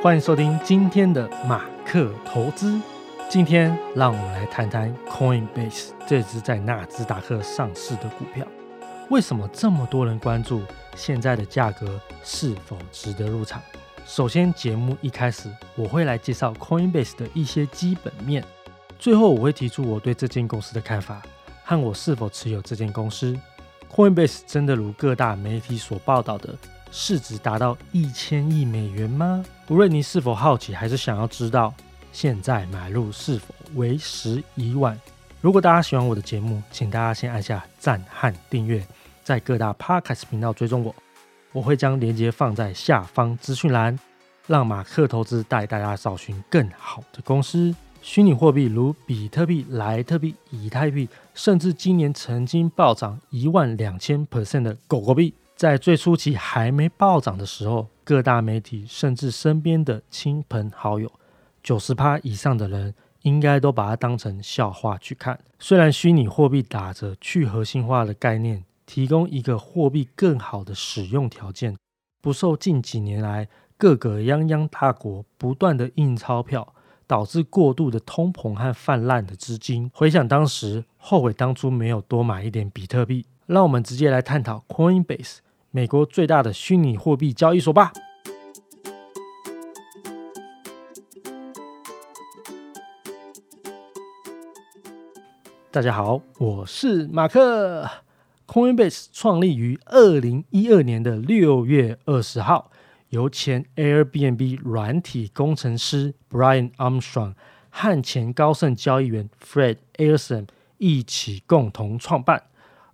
歡迎收聽今天的馬克投資。今天讓我們來談談 Coinbase 這支在納斯達克上市的股票，為什麼這麼多人關注？現在的價格是否值得入場？首先，節目一開始我會來介紹 Coinbase 的一些基本面，最後我會提出我對這間公司的看法和我是否持有這間公司。Coinbase 真的如各大媒體所報道的？市值達到一千億美元嗎？無論你是否好奇，還是想要知道，現在買入是否為時已晚？如果大家喜歡我的節目，請大家先按下讚和訂閱，在各大 podcast 頻道追蹤我。我會將鏈接放在下方資訊欄，讓馬克投資帶大家找尋更好的公司。虛擬貨幣如比特幣、萊特幣、以太幣，甚至今年曾經暴漲一萬兩千 percent 的狗狗幣。在最初期還沒暴漲的時候，各大媒體甚至身邊的親朋好友，九十趴以上的人應該都把它當成笑話去看。雖然虛擬貨幣打着去核心化的概念，提供一個貨幣更好的使用條件，不受近幾年來各個泱泱大國不斷的印鈔票導致過度的通膨和泛濫的資金。回想當時，後悔當初沒有多買一點比特幣。讓我們直接來探討 Coinbase。美國最大的虛擬貨幣交易所吧。大家好，我是馬克。Coinbase 創立於二零一二年的六月二十號，由前 Airbnb 軟體工程師 Brian Armstrong 和前高盛交易員 Fred Ehrsam 一起共同創辦。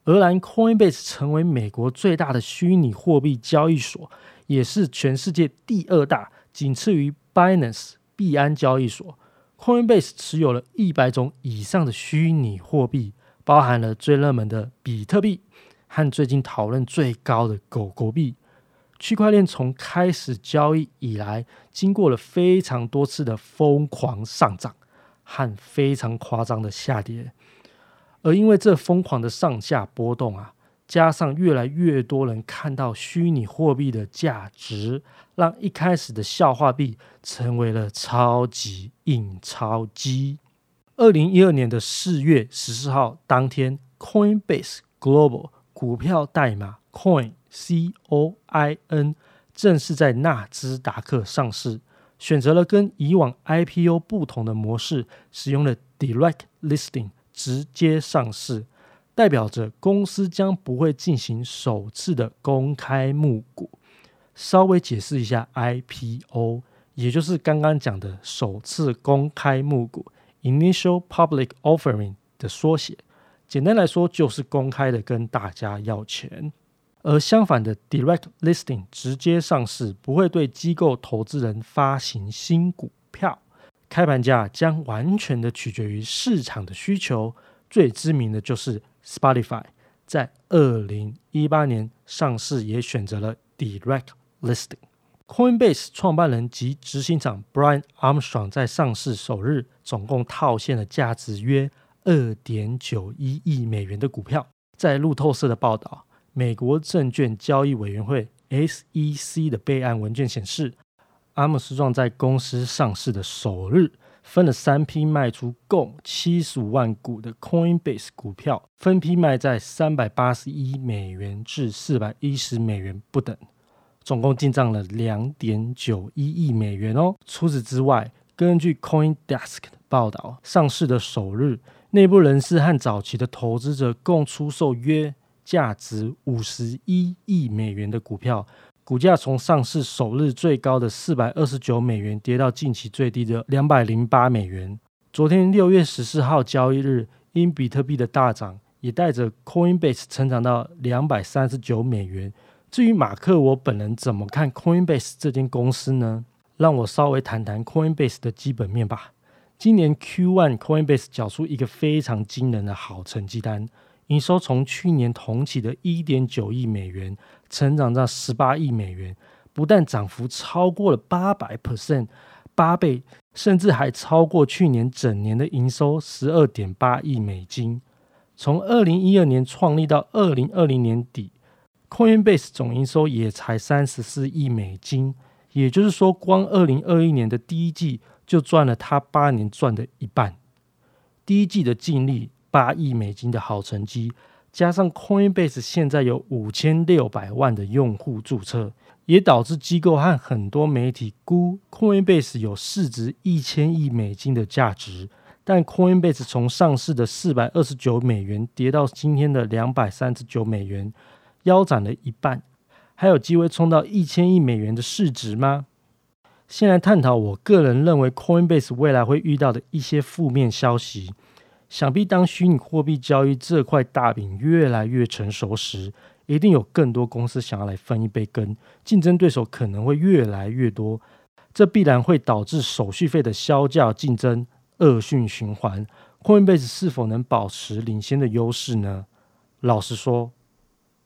荷蘭 Coinbase 成為美國最大的虛擬貨幣交易所，也是全世界第二大，僅次於 Binance 幣安交易所。Coinbase 持有了一百種以上的虛擬貨幣，包含了最熱門的比特幣，和最近討論最高的狗狗幣。區塊鏈從開始交易以來，經過了非常多次的瘋狂上漲和非常誇張的下跌。而因為這瘋狂的上下波動啊，加上越來越多人看到虛擬貨幣的價值，讓一開始的笑話幣成為了超級印鈔機。二零一二年的四月十四號當天，Coinbase Global 股票代碼 Coin C O I N 正式在納斯達克上市，選擇了跟以往 IPO 不同的模式，使用了 Direct Listing。直接上市代表着公司將不會進行首次的公開募股。稍微解釋一下，IPO 也就是剛剛講的首次公開募股 （Initial Public Offering） 的縮寫。簡單來說，就是公開的跟大家要錢。而相反的，Direct Listing 直接上市不會對機構投資人發行新股票。開盤價將完全的取決於市場的需求。最知名的就是 Spotify，在二零一八年上市也選擇了 Direct Listing。Coinbase 創辦人及執行長 Brian Armstrong 在上市首日，總共套現了價值約二點九一億美元的股票。在路透社的報道，美國證券交易委員會 SEC 的備案文件顯示。阿姆斯壯在公司上市的首日，分了三批賣出共七十五萬股的 Coinbase 股票，分批賣在三百八十一美元至四百一十美元不等，總共進賬了兩點九一億美元哦。除此之外，根據 CoinDesk 的報道，上市的首日，內部人士和早期的投資者共出售約價值五十一億美元的股票。股價從上市首日最高的四百二十九美元跌到近期最低的兩百零八美元。昨天六月十四號交易日，因比特幣的大漲，也帶着 Coinbase 成長到兩百三十九美元。至於馬克，我本人怎麼看 Coinbase 這間公司呢？讓我稍微談談 Coinbase 的基本面吧。今年 Q1，Coinbase 繳出一個非常驚人的好成績單。營收從去年同期的一點九億美元成長到十八億美元，不但漲幅超過了八百 percent，八倍，甚至還超過去年整年的營收十二點八億美金。從二零一二年創立到二零二零年底，Coinbase 總營收也才三十四億美金，也就是說，光二零二一年的第一季就賺了他八年賺的一半。第一季的淨利。八億美金的好成績，加上 Coinbase 現在有五千六百萬的用戶注冊，也導致機構和很多媒體估 Coinbase 有市值一千億美金的價值。但 Coinbase 從上市的四百二十九美元跌到今天的兩百三十九美元，腰斬了一半，還有機會衝到一千億美元的市值嗎？先來探討我個人認為 Coinbase 未來會遇到的一些負面消息。想必當虛擬貨幣交易這塊大餅越來越成熟時，一定有更多公司想要來分一杯羹，競爭對手可能會越來越多，這必然會導致手續費的削價競爭，惡性循環。Coinbase 是否能保持領先的優勢呢？老實說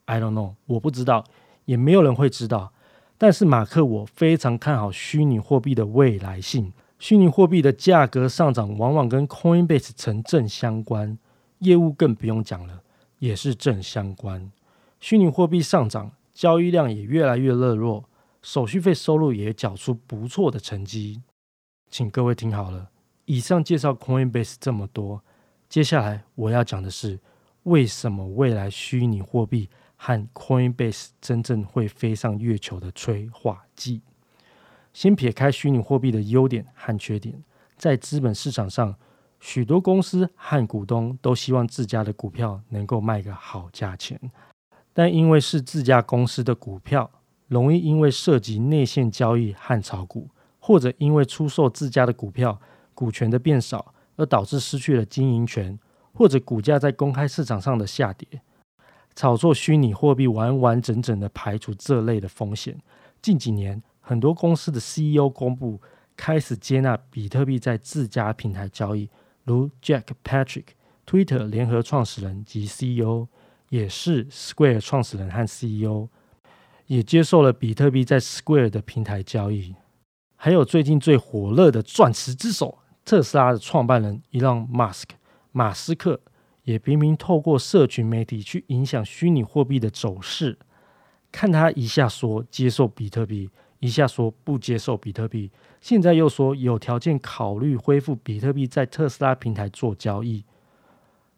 ，I don't know，我不知道，也沒有人會知道。但是馬克，我非常看好虛擬貨幣的未來性。虛擬貨幣的價格上漲往往跟 Coinbase 呈正相關，業務更不用講了，也是正相關。虛擬貨幣上漲，交易量也越來越熱絡，手續費收入也繳出不錯的成績。請各位聽好了，以上介紹 Coinbase 這麼多，接下來我要講的是，為什麼未來虛擬貨幣和 Coinbase 真正會飛上月球的催化劑？先撇開虛擬貨幣的優點和缺點，在資本市場上，許多公司和股東都希望自家的股票能夠賣個好價錢。但因為是自家公司的股票，容易因為涉及內線交易和炒股，或者因為出售自家的股票，股權的變少而導致失去了經營權，或者股價在公開市場上的下跌。炒作虛擬貨幣完完整整地排除這類的風險。近幾年，很多公司的 CEO 公布開始接納比特幣在自家平台交易，如 Jack Patrick、Twitter 聯合創始人及 CEO，也是 Square 創始人和 CEO，也接受了比特幣在 Square 的平台交易。還有最近最火熱的鑽石之手特斯拉的創辦人 Elon Musk 馬斯克，也頻頻透過社群媒體去影響虛擬貨幣的走勢。看他一下說接受比特幣，一下說不接受比特幣，現在又說有條件考慮恢復比特幣在特斯拉平台做交易。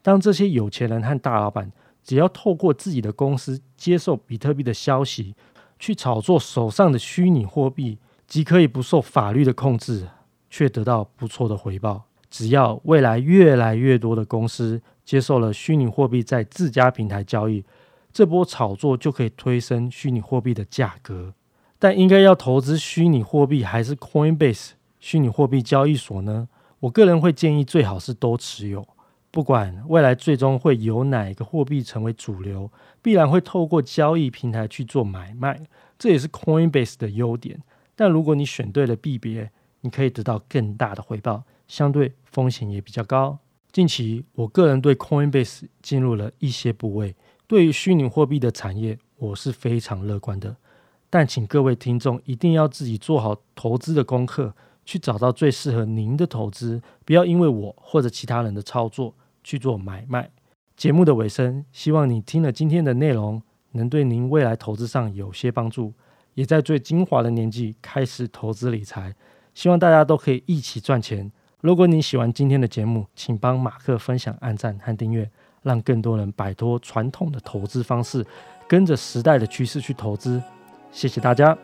當這些有錢人和大老板只要透過自己的公司接受比特幣的消息，去炒作手上的虛擬貨幣，即可以不受法律的控制，卻得到不錯的回報。只要未來越來越多的公司接受了虛擬貨幣在自家平台交易，這波炒作就可以推升虛擬貨幣的價格。但應該要投資虛擬貨幣還是 Coinbase 虛擬貨幣交易所呢？我個人會建議最好是都持有，不管未來最終會由哪一個貨幣成為主流，必然會透過交易平台去做買賣，這也是 Coinbase 的優點。但如果你選對了幣別，你可以得到更大的回報，相對風險也比較高。近期我個人對 Coinbase 進入了一些部位，對於虛擬貨幣的產業，我是非常樂觀的。但請各位聽眾一定要自己做好投資的功課，去找到最適合您的投資，不要因為我或者其他人的操作去做買賣。節目的尾聲，希望你聽了今天的內容，能對您未來投資上有些幫助，也在最精華的年紀開始投資理財。希望大家都可以一起賺錢。如果你喜歡今天的節目，請幫馬克分享、按讚和訂閱，讓更多人擺脫傳統的投資方式，跟着時代的趨勢去投資。謝謝大家。